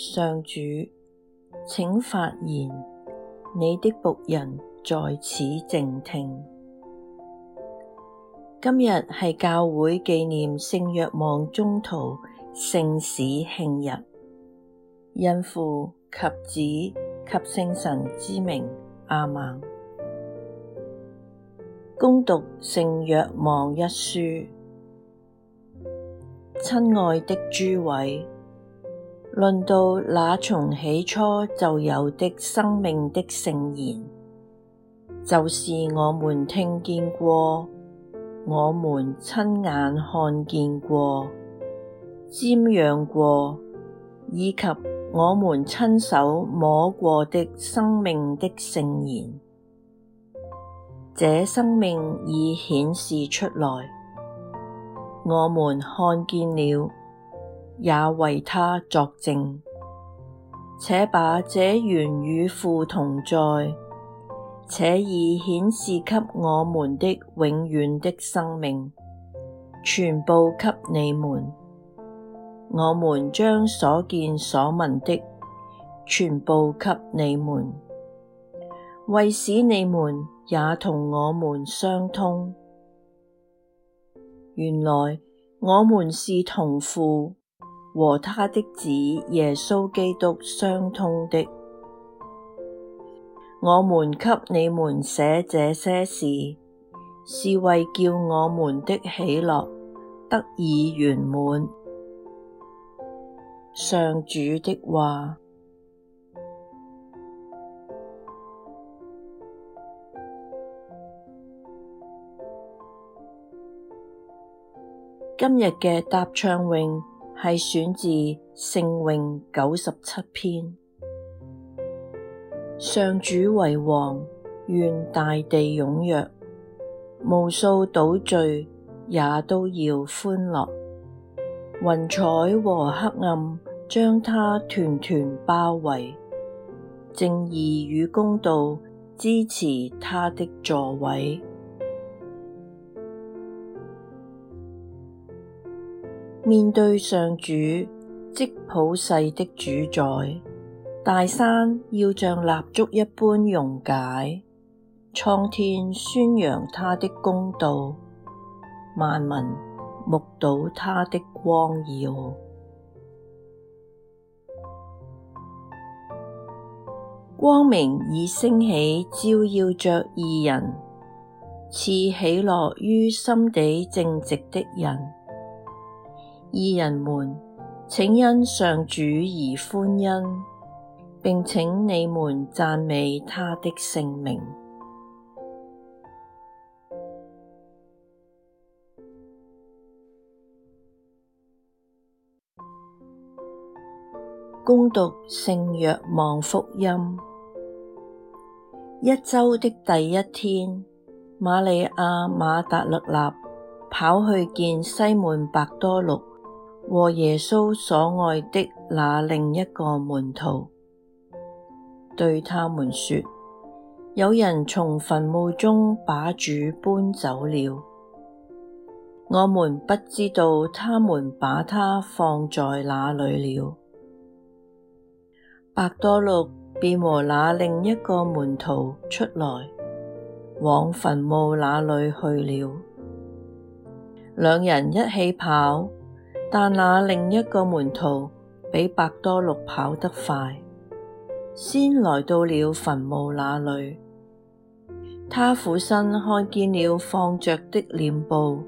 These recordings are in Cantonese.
上主，請發言，你的僕人在此靜聽。今日係教會紀念聖若望宗徒聖史慶日，因父及子及聖神之名阿孟，恭讀聖若望一書。親愛的諸位。論到那從起初就有的生命的聖言，就是我們聽見過、我們親眼看見過、瞻仰過，以及我們親手摸過的生命的聖言，這生命已顯示出來，我們看見了。也為他作證，且把這原與父同在，且已顯示給我們的永遠的生命，傳報給你們。我們將所見所聞的傳報給你們，為使你們也同我們相通。原來我們是同父，和他的子耶穌基督相通的，我們給你們寫這些事，是為叫我們的喜樂得以圓滿。上主的話，今日嘅答唱詠。係選自聖詠九十七篇，上主為王，願大地踊躍，無數島嶼也都要歡樂。雲彩和黑暗將他團團包圍，正義與公道支持他的座位。面對上主，即普世的主宰，大山要像蠟燭一般溶解，蒼天宣揚他的公道，萬民目睹他的光耀，光明已升起，照耀着義人，賜喜樂於心地正直的人。義人們，請因上主而歡欣，並請你們讚美他的聖名。恭讀聖若望福音，一週的第一天，瑪利亞瑪達肋納跑去見西滿伯多祿，和耶穌所愛的那另一個門徒，對他們說：有人從墳墓中把主搬走了，我們不知道他們把他放在哪裏了。伯多祿便和那另一個門徒出來，往墳墓那裏去了，兩人一起跑。但那另一個門徒比伯多祿跑得快，先來到了墳墓那裏。他俯身看見了放着的殮布，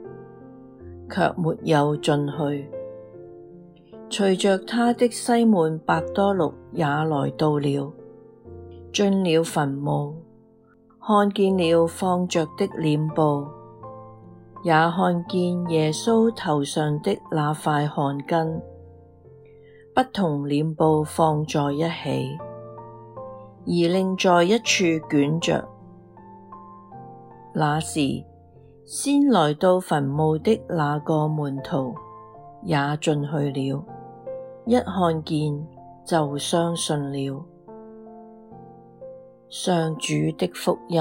卻沒有進去。隨着他的西滿伯多祿也來到了，進了墳墓，看見了放着的殮布。也看見耶穌頭上的那塊汗巾，不同殮布放在一起，而另在一處捲着。那時，先來到墳墓的那個門徒也進去了，一看見就相信了。上主的福音。